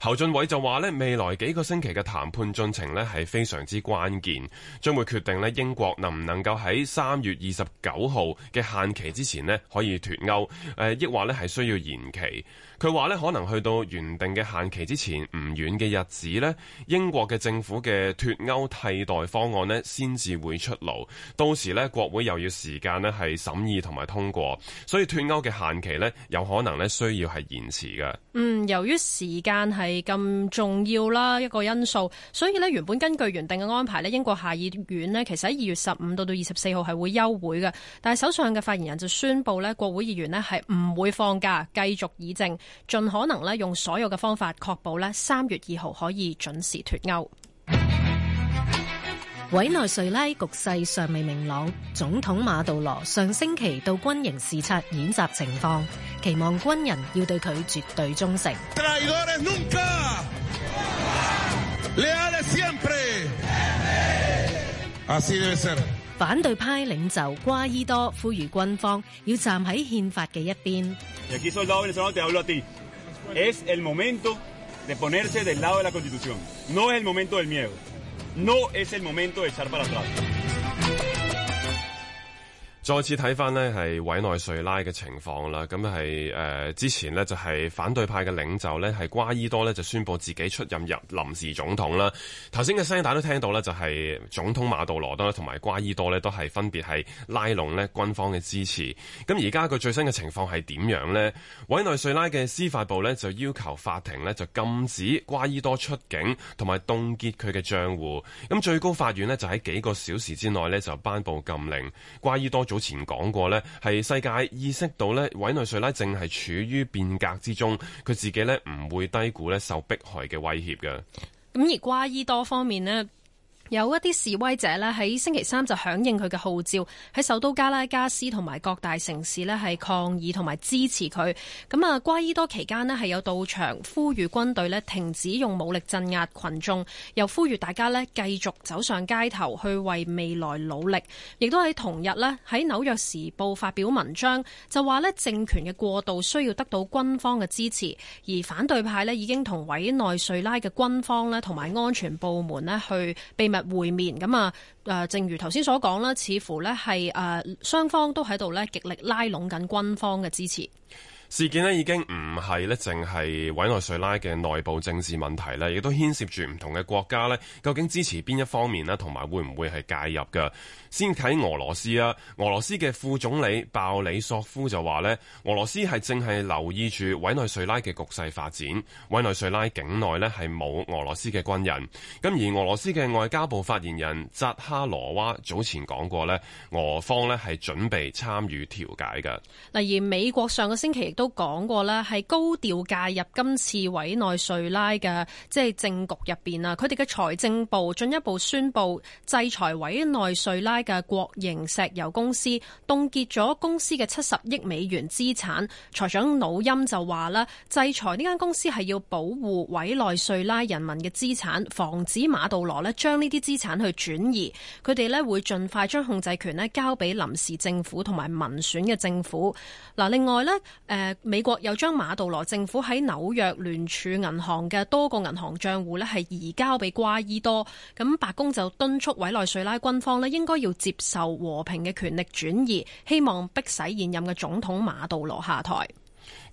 侯俊偉就話咧，未來幾個星期嘅談判進程係非常之關鍵，將會決定英國能唔能夠喺三月二十九號嘅限期之前呢，可以脱歐，誒，亦話係需要延期。佢話咧，可能去到原定嘅限期之前唔遠嘅日子呢，英國嘅政府嘅脱歐替代方案咧，先至會出爐。到時呢，國會又要時間咧係審議同埋通過，所以脱歐嘅限期呢，有可能呢需要係延遲㗎。嗯，由於時間係咁重要啦，一個因素，所以呢，原本根據原定嘅安排呢，英國下議院呢，其實喺二月十五到到二十四號係會休會嘅，但係首相嘅發言人就宣布呢，國會議員呢係唔會放假，繼續議政。盡可能咧用所有嘅方法確保咧三月二號可以準時脱歐。委內瑞拉局勢尚未明朗，總統馬杜羅上星期到軍營視察演習情況，期望軍人要對佢絕對忠誠。反對派領袖瓜伊多呼籲軍方要站喺憲法嘅一邊。再次睇翻呢，係委內瑞拉嘅情況啦。咁係誒之前呢，就係反對派嘅領袖呢，係瓜伊多呢，就宣布自己出任入臨時總統啦。頭先嘅聲帶都聽到呢，就係總統馬杜羅呢同埋瓜伊多呢，都係分別係拉攏呢軍方嘅支持。咁而家佢最新嘅情況係點樣呢？委內瑞拉嘅司法部呢，就要求法庭呢，就禁止瓜伊多出境同埋凍結佢嘅帳戶。咁最高法院呢，就喺幾個小時之內呢，就頒布禁令，瓜伊多。早前講過呢，係世界意識到呢，委內瑞拉正係處於變革之中，佢自己呢唔會低估呢受迫害嘅威脅嘅。咁而瓜伊多方面呢。有一啲示威者呢，喺星期三就響應佢嘅號召，喺首都加拉加斯同埋各大城市呢，係抗議同埋支持佢。咁啊，瓜伊多期間呢，係有到場呼籲軍隊呢，停止用武力鎮壓群眾，又呼籲大家呢，繼續走上街頭去為未來努力。亦都喺同日呢，喺紐約時報發表文章，就話呢，政權嘅過渡需要得到軍方嘅支持，而反對派呢，已經同委內瑞拉嘅軍方呢，同埋安全部門呢，去被。日會面。咁啊，誒，正如頭先所講啦，似乎呢係誒雙方都喺度呢極力拉攏緊軍方嘅支持。事件呢已經唔係呢淨係委內瑞拉嘅內部政治問題呢，亦都牽涉住唔同嘅國家呢，究竟支持邊一方面呢？同埋會唔會係介入嘅？先睇俄羅斯啊！俄羅斯嘅副總理鮑里索夫就話咧，俄羅斯係淨係留意住委內瑞拉嘅局勢發展。委內瑞拉境內咧係冇俄羅斯嘅軍人。咁而俄羅斯嘅外交部發言人扎哈羅娃早前講過咧，俄方咧係準備參與調解嘅。例而美國上個星期亦都講過咧，係高調介入今次委內瑞拉嘅即係政局入邊啊！佢哋嘅財政部進一步宣布制裁委內瑞拉。嘅國營石油公司凍結咗公司嘅七十億美元資產，財長努欽就話啦，制裁呢間公司係要保護委內瑞拉人民嘅資產，防止馬杜羅咧將呢啲資產去轉移。佢哋咧會盡快將控制權咧交俾臨時政府同埋民選嘅政府。嗱，另外咧，誒美國又將馬杜羅政府喺紐約聯儲銀行嘅多個銀行賬戶咧係移交俾瓜伊多。咁，白宮就敦促委內瑞拉軍方咧應該要。接受和平嘅權力轉移，希望迫使現任嘅總統馬杜羅下台。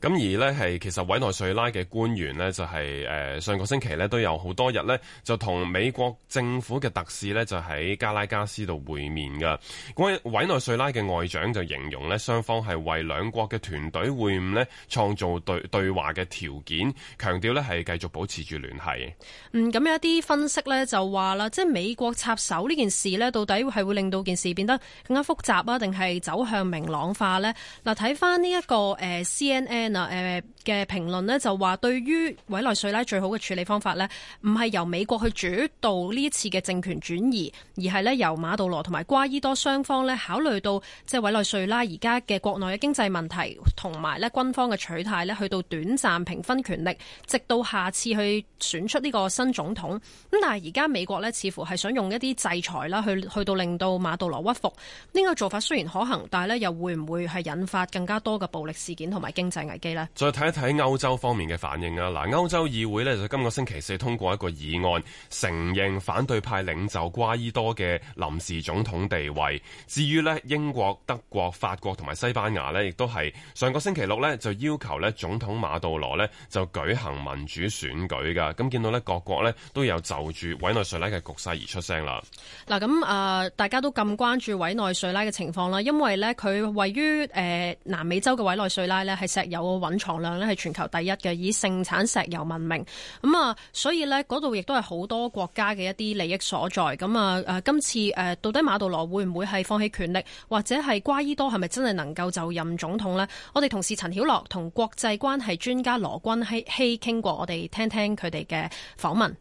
咁而呢，係其實委內瑞拉嘅官員呢，就係誒上個星期呢，都有好多日呢，就同美國政府嘅特使呢，就喺加拉加斯度會面噶。委委內瑞拉嘅外長就形容呢，雙方係為兩國嘅團隊會晤呢，創造對對話嘅條件，強調呢係繼續保持住聯繫。嗯，咁有一啲分析呢，就話啦，即係美國插手呢件事呢，到底係會令到件事變得更加複雜啊，定係走向明朗化呢？嗱，睇翻呢一個誒 CNN。N 嘅評論呢，就話，對於委內瑞拉最好嘅處理方法呢，唔係由美國去主導呢一次嘅政權轉移，而係咧由馬杜羅同埋瓜伊多雙方咧考慮到即係委內瑞拉而家嘅國內嘅經濟問題，同埋咧軍方嘅取態咧，去到短暫平分權力，直到下次去選出呢個新總統。咁但係而家美國呢，似乎係想用一啲制裁啦，去去到令到馬杜羅屈服。呢個做法雖然可行，但係咧又會唔會係引發更加多嘅暴力事件同埋經濟危機？再睇一睇歐洲方面嘅反應啊。嗱，歐洲議會呢，就今個星期四通過一個議案，承認反對派領袖瓜伊多嘅臨時總統地位。至於呢英國、德國、法國同埋西班牙呢，亦都係上個星期六呢，就要求呢總統馬杜羅呢，就舉行民主選舉㗎。咁見到呢，各國呢，都有就住委內瑞拉嘅局勢而出聲啦。嗱，咁、呃、啊，大家都咁關注委內瑞拉嘅情況啦，因為呢，佢位於誒、呃、南美洲嘅委內瑞拉呢，係石油嘅蘊藏量咧係全球第一嘅，以盛產石油聞名。咁、嗯、啊，所以呢嗰度亦都係好多國家嘅一啲利益所在。咁、嗯、啊，誒、呃，今次誒、呃，到底馬杜羅會唔會係放棄權力，或者係瓜伊多係咪真係能夠就任總統呢？我哋同事陳曉樂同國際關係專家羅君希傾、hey, 過，我哋聽聽佢哋嘅訪問。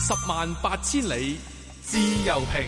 十萬八千里，自由平。」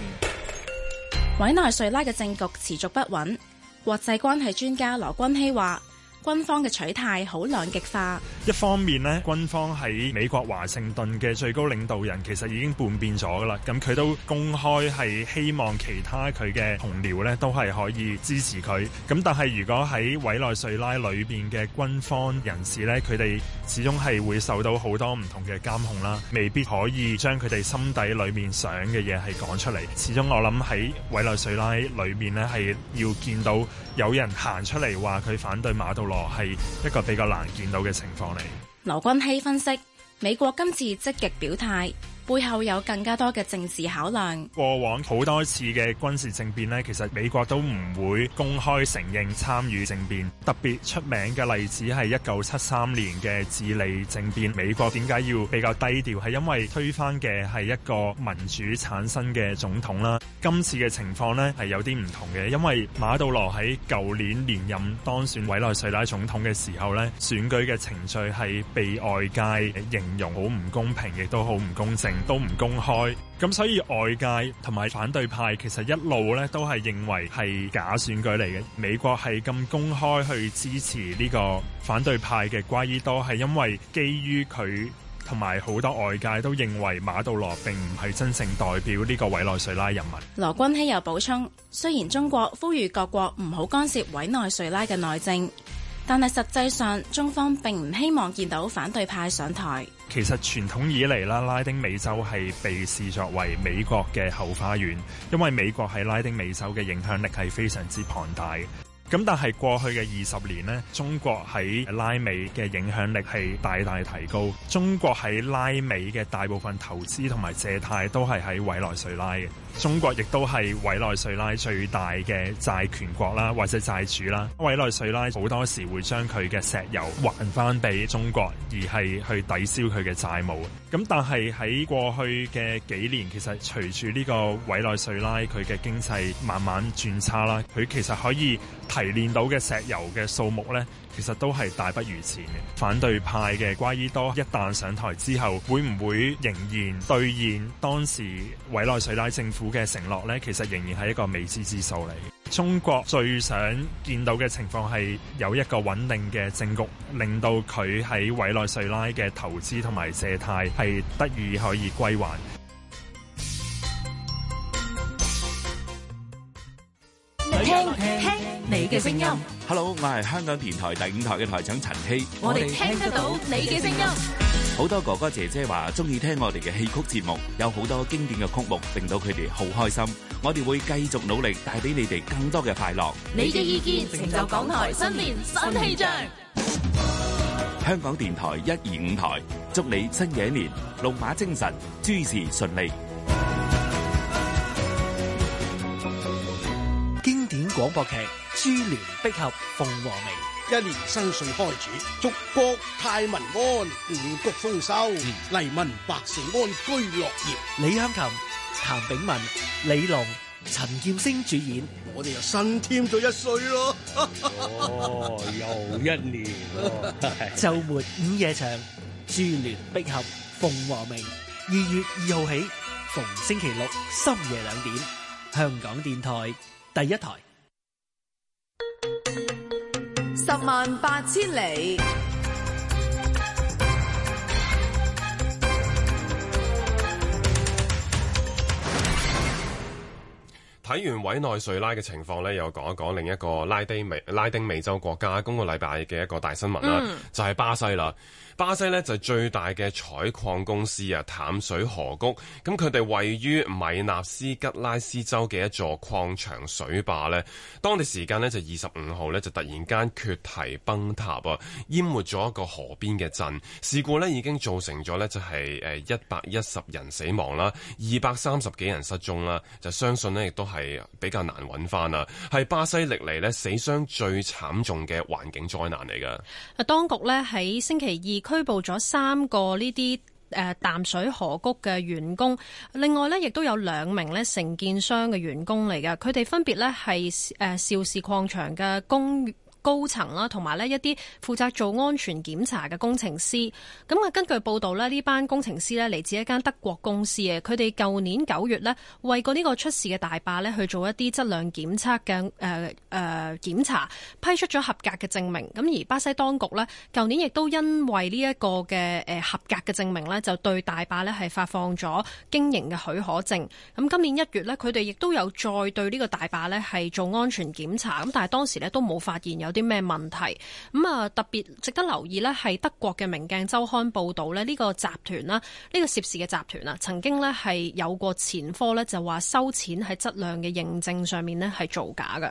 委內瑞拉嘅政局持續不穩。國際關係專家羅君希話。軍方嘅取態好兩極化，一方面呢，軍方喺美國華盛頓嘅最高領導人其實已經叛變咗㗎喇，咁佢都公開係希望其他佢嘅同僚呢都係可以支持佢，咁。但係如果喺委內瑞拉裏面嘅軍方人士呢，佢哋始終係會受到好多唔同嘅監控啦，未必可以將佢哋心底裏面想嘅嘢係講出嚟。始終我諗喺委內瑞拉裏面呢，係要見到有人行出嚟話佢反對馬杜羅。哦，係一個比較難見到嘅情況嚟。羅君熙分析，美國今次積極表態。背後有更加多嘅政治考量。過往好多次嘅軍事政變呢，其實美國都唔會公開承認參與政變。特別出名嘅例子係一九七三年嘅智利政變。美國點解要比較低調？係因為推翻嘅係一個民主產生嘅總統啦。今次嘅情況呢，係有啲唔同嘅，因為馬杜羅喺舊年連任當選委內瑞拉總統嘅時候呢，選舉嘅程序係被外界形容好唔公平，亦都好唔公正。都唔公開咁，所以外界同埋反對派其實一路咧都係認為係假選舉嚟嘅。美國係咁公開去支持呢個反對派嘅瓜伊多，係因為基於佢同埋好多外界都認為馬杜羅並唔係真正代表呢個委內瑞拉人民。羅君希又補充，雖然中國呼籲各國唔好干涉委內瑞拉嘅內政。但係實際上，中方並唔希望見到反對派上台。其實傳統以嚟啦，拉丁美洲係被視作為美國嘅後花園，因為美國喺拉丁美洲嘅影響力係非常之龐大。咁但係過去嘅二十年呢，中國喺拉美嘅影響力係大大提高。中國喺拉美嘅大部分投資同埋借貸都係喺委內瑞拉嘅。中國亦都係委內瑞拉最大嘅債權國啦，或者債主啦。委內瑞拉好多時會將佢嘅石油還翻俾中國，而係去抵消佢嘅債務。咁但係喺過去嘅幾年，其實隨住呢個委內瑞拉，佢嘅經濟慢慢轉差啦，佢其實可以提煉到嘅石油嘅數目呢。其實都係大不如前嘅。反對派嘅瓜伊多一旦上台之後，會唔會仍然兌現當時委內瑞拉政府嘅承諾呢？其實仍然係一個未知之數嚟。中國最想見到嘅情況係有一個穩定嘅政局，令到佢喺委內瑞拉嘅投資同埋借貸係得以可以歸還。聽聽你嘅聲音，Hello，我係香港電台第五台嘅台長陳希，我哋聽得到你嘅聲音。好多哥哥姐姐話中意聽我哋嘅戲曲節目，有好多經典嘅曲目令到佢哋好開心。我哋會繼續努力帶俾你哋更多嘅快樂。你嘅意見成就港台新年新氣象。香港電台一、二、五台，祝你新嘅一年，龍馬精神，諸事順利。廣播劇《珠聯璧合》鳳和鳴》，一年新歲開始，祝國泰民安，五穀豐收，嗯，黎民百姓安居樂業。李香琴、譚炳文、李龍、陳劍聲主演。我哋又新添咗一歲咯， 又一年。周 末午夜場《 珠聯璧合》鳳和鳴》二月二號起，逢星期六深夜兩點，香港電台第一台。十萬八千里。睇完委內瑞拉嘅情況咧，又講一講另一個拉丁美拉丁美洲國家。今個禮拜嘅一個大新聞啦、嗯，就係、是、巴西啦。巴西呢就最大嘅採礦公司啊，淡水河谷。咁佢哋位於米納斯吉拉斯州嘅一座礦場水壩咧，當地時間咧就二十五號咧就突然間決堤崩塌啊，淹沒咗一個河邊嘅鎮。事故咧已經造成咗咧就係誒一百一十人死亡啦，二百三十幾人失蹤啦。就相信咧亦都係比較難揾翻啊，係巴西歷嚟咧死傷最慘重嘅環境災難嚟㗎。啊，當局咧喺星期二，拘捕咗三個呢啲誒淡水河谷嘅員工，另外呢，亦都有兩名咧承建商嘅員工嚟嘅，佢哋分別咧係誒肇事礦場嘅工高層啦，同埋咧一啲負責做安全檢查嘅工程師。咁啊，根據報道咧，呢班工程師咧嚟自一間德國公司嘅，佢哋舊年九月咧為過呢個出事嘅大壩咧去做一啲質量檢測嘅誒誒檢查，批出咗合格嘅證明。咁而巴西當局咧舊年亦都因為呢一個嘅誒合格嘅證明咧，就對大壩咧係發放咗經營嘅許可證。咁今年一月咧，佢哋亦都有再對呢個大壩咧係做安全檢查，咁但係當時咧都冇發現有啲咩問題咁啊？特別值得留意呢，係德國嘅《明鏡週刊》報道呢，呢個集團啦，呢個涉事嘅集團啊，曾經呢係有過前科呢，就話收錢喺質量嘅認證上面呢係造假嘅。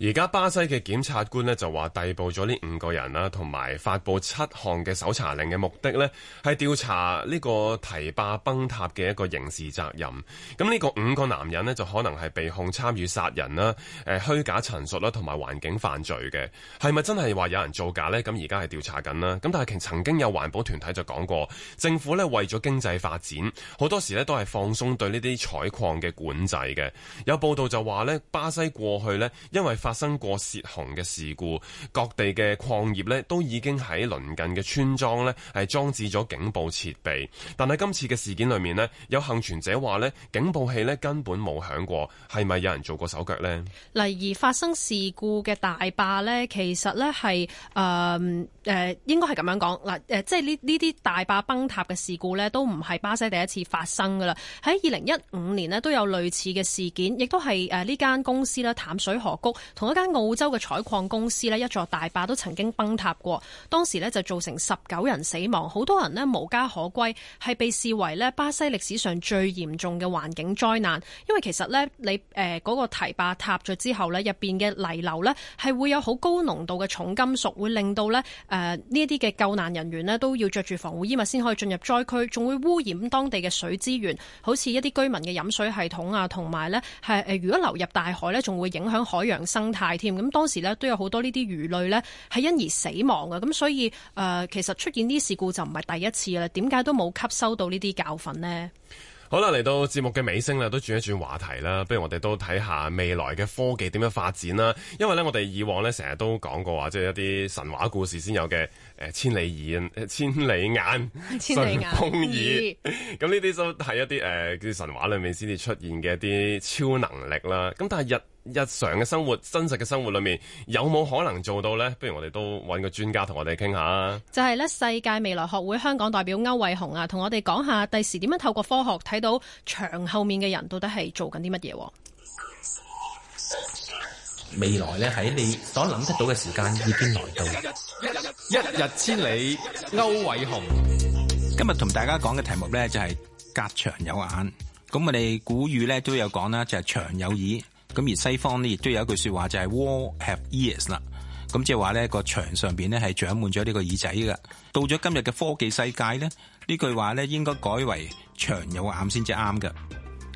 而家巴西嘅檢察官呢，就話逮捕咗呢五個人啦，同埋發佈七項嘅搜查令嘅目的呢，係調查呢個堤壩崩塌嘅一個刑事責任。咁呢個五個男人呢，就可能係被控參與殺人啦、誒、呃、虛假陳述啦，同埋環境犯罪嘅。係咪真係話有人造假呢？咁而家係調查緊啦。咁但係曾經有環保團體就講過，政府呢，為咗經濟發展，好多時呢都係放鬆對呢啲採礦嘅管制嘅。有報道就話呢，巴西過去呢，因為發生過洩洪嘅事故，各地嘅礦業呢都已經喺鄰近嘅村莊呢係裝置咗警報設備。但係今次嘅事件裏面呢，有幸存者話呢，警報器呢根本冇響過，係咪有人做過手腳呢？例而發生事故嘅大壩呢，其實呢係誒。嗯誒應該係咁樣講嗱，誒即係呢呢啲大壩崩塌嘅事故呢都唔係巴西第一次發生噶啦。喺二零一五年呢都有類似嘅事件，亦都係呢間公司啦淡水河谷，同一間澳洲嘅採礦公司呢一座大壩都曾經崩塌過，當時呢就造成十九人死亡，好多人呢無家可歸，係被視為呢巴西歷史上最嚴重嘅環境災難。因為其實呢你誒嗰、嗰個堤壩塌咗之後呢入邊嘅泥流呢係會有好高濃度嘅重金屬，會令到呢誒誒，呢一啲嘅救難人員呢都要着住防護衣物先可以進入災區，仲會污染當地嘅水資源，好似一啲居民嘅飲水系統啊，同埋呢，係誒，如果流入大海呢，仲會影響海洋生態添。咁當時呢，都有好多呢啲魚類呢係因而死亡嘅。咁所以誒、呃，其實出現呢啲事故就唔係第一次啦。點解都冇吸收到呢啲教訓呢？好啦，嚟到節目嘅尾聲啦，都轉一轉話題啦，不如我哋都睇下未來嘅科技點樣發展啦。因為咧，我哋以往咧成日都講過話，即係一啲神話故事先有嘅，千里耳、千里眼、千里眼、耳，咁呢啲都係一啲誒，叫、呃、神話裏面先至出現嘅一啲超能力啦。咁但係日日常嘅生活，真實嘅生活裏面，有冇可能做到呢？不如我哋都搵個專家同我哋傾下。就係咧，世界未來學會香港代表歐偉雄啊，同我哋講下第時點樣透過科學睇到牆後面嘅人到底係做緊啲乜嘢？未來咧喺你所諗得到嘅時間已經來到，一日千里。歐偉雄，今日同大家講嘅題目呢，就係隔牆有眼。咁我哋古語咧都有講啦，就係牆有耳。咁而西方呢，亦都有一句說話就係、是、Wall have ears 啦。咁即係話呢個牆上面呢，係長滿咗呢個耳仔㗎。到咗今日嘅科技世界呢，呢句話呢，應該改為牆有眼先至啱嘅。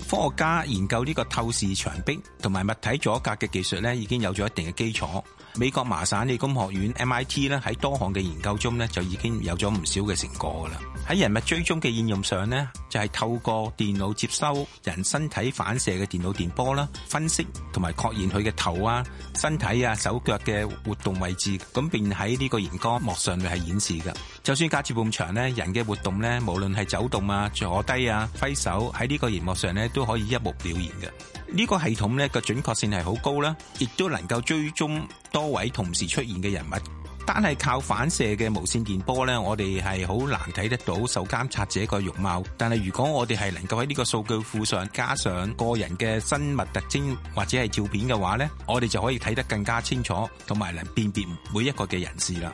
科學家研究呢個透視牆壁同埋物體阻隔嘅技術呢，已經有咗一定嘅基礎。美國麻省理工學院 MIT 呢，喺多項嘅研究中呢，就已經有咗唔少嘅成果啦。喺人物追蹤嘅應用上呢就係、是、透過電腦接收人身體反射嘅電腦電波啦，分析同埋確認佢嘅頭啊、身體啊、手腳嘅活動位置，咁便喺呢個熒光幕上面係顯示㗎。就算隔住咁長呢，人嘅活動呢，無論係走動啊、坐低啊、揮手，喺呢個熒幕上呢都可以一目了然嘅。呢、這個系統呢個準確性係好高啦，亦都能夠追蹤多位同時出現嘅人物。但係靠反射嘅無線電波咧，我哋係好難睇得到受監察者個容貌。但係如果我哋係能夠喺呢個數據庫上加上個人嘅生物特徵或者係照片嘅話咧，我哋就可以睇得更加清楚，同埋能辨別每一個嘅人士啦。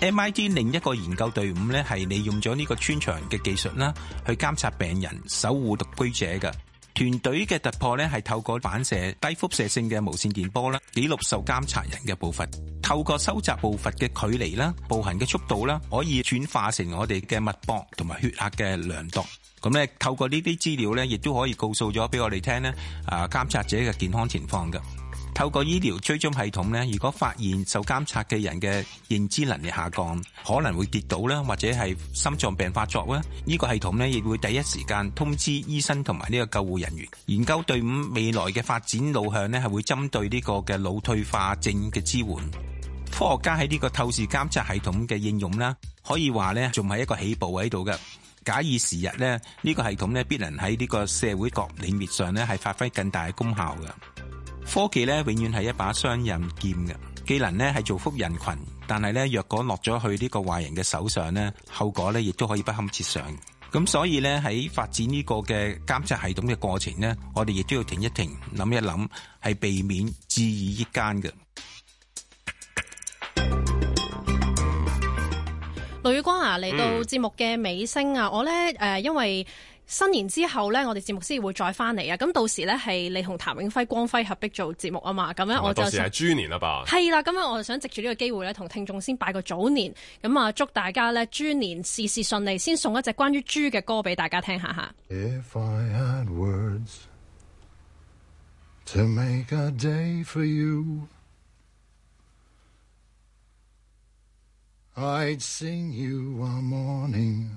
MIT 另一個研究隊伍咧係利用咗呢個穿牆嘅技術啦，去監察病人、守護獨居者嘅。團隊嘅突破咧，係透過反射低輻射性嘅無線電波啦，記錄受監察人嘅步伐，透過收集步伐嘅距離啦、步行嘅速度啦，可以轉化成我哋嘅脈搏同埋血壓嘅量度。咁咧，透過呢啲資料咧，亦都可以告訴咗俾我哋聽咧，啊監察者嘅健康情況嘅。透過醫療追蹤系統咧，如果發現受監察嘅人嘅認知能力下降，可能會跌倒啦，或者係心臟病發作啦。呢個系統咧亦會第一時間通知醫生同埋呢個救護人員。研究隊伍未來嘅發展路向呢，係會針對呢個嘅腦退化症嘅支援。科學家喺呢個透視監測系統嘅應用啦，可以話呢，仲係一個起步喺度嘅。假以時日呢，呢個系統呢，必能喺呢個社會各領域上呢，係發揮更大嘅功效嘅。科技咧，永遠係一把雙刃劍嘅，既能咧，係造福人群，但係咧若果落咗去呢個壞人嘅手上咧，後果咧亦都可以不堪設想。咁所以咧喺發展呢個嘅監測系統嘅過程咧，我哋亦都要停一停，諗一諗，係避免致意益奸嘅。雷雨光啊，嚟、嗯、到節目嘅尾聲啊，我呢，誒、呃、因為。新年之後呢，我哋節目先會再翻嚟啊！咁到時呢，係你同譚永輝光輝合璧做節目啊嘛！咁樣我就到時係豬年啦吧。係啦，咁樣我就想藉住呢個機會呢，同聽眾先拜個早年，咁啊祝大家呢，豬年事事順利。先送一隻關於豬嘅歌俾大家聽下下。If I had words to make a day for you, I'd sing you a morning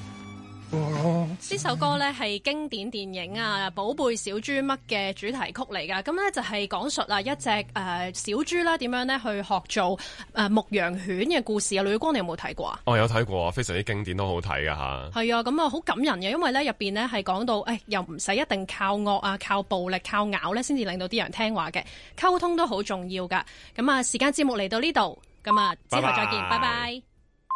呢首歌呢係經典電影啊《寶貝小豬》乜嘅主題曲嚟噶，咁、嗯、呢就係、是、講述啊一隻誒、呃、小豬啦，點樣呢去學做誒、呃、牧羊犬嘅故事啊。女光，你有冇睇過啊？我、哦、有睇過啊，非常之經典，都好睇噶吓。係啊，咁啊好感人嘅，因為呢入邊呢係講到誒、哎，又唔使一定靠惡啊、靠暴力、靠咬呢先至令到啲人聽話嘅，溝通都好重要噶。咁、嗯、啊，時間節目嚟到呢度，咁、嗯、啊、嗯，之後再見，拜拜。Bye bye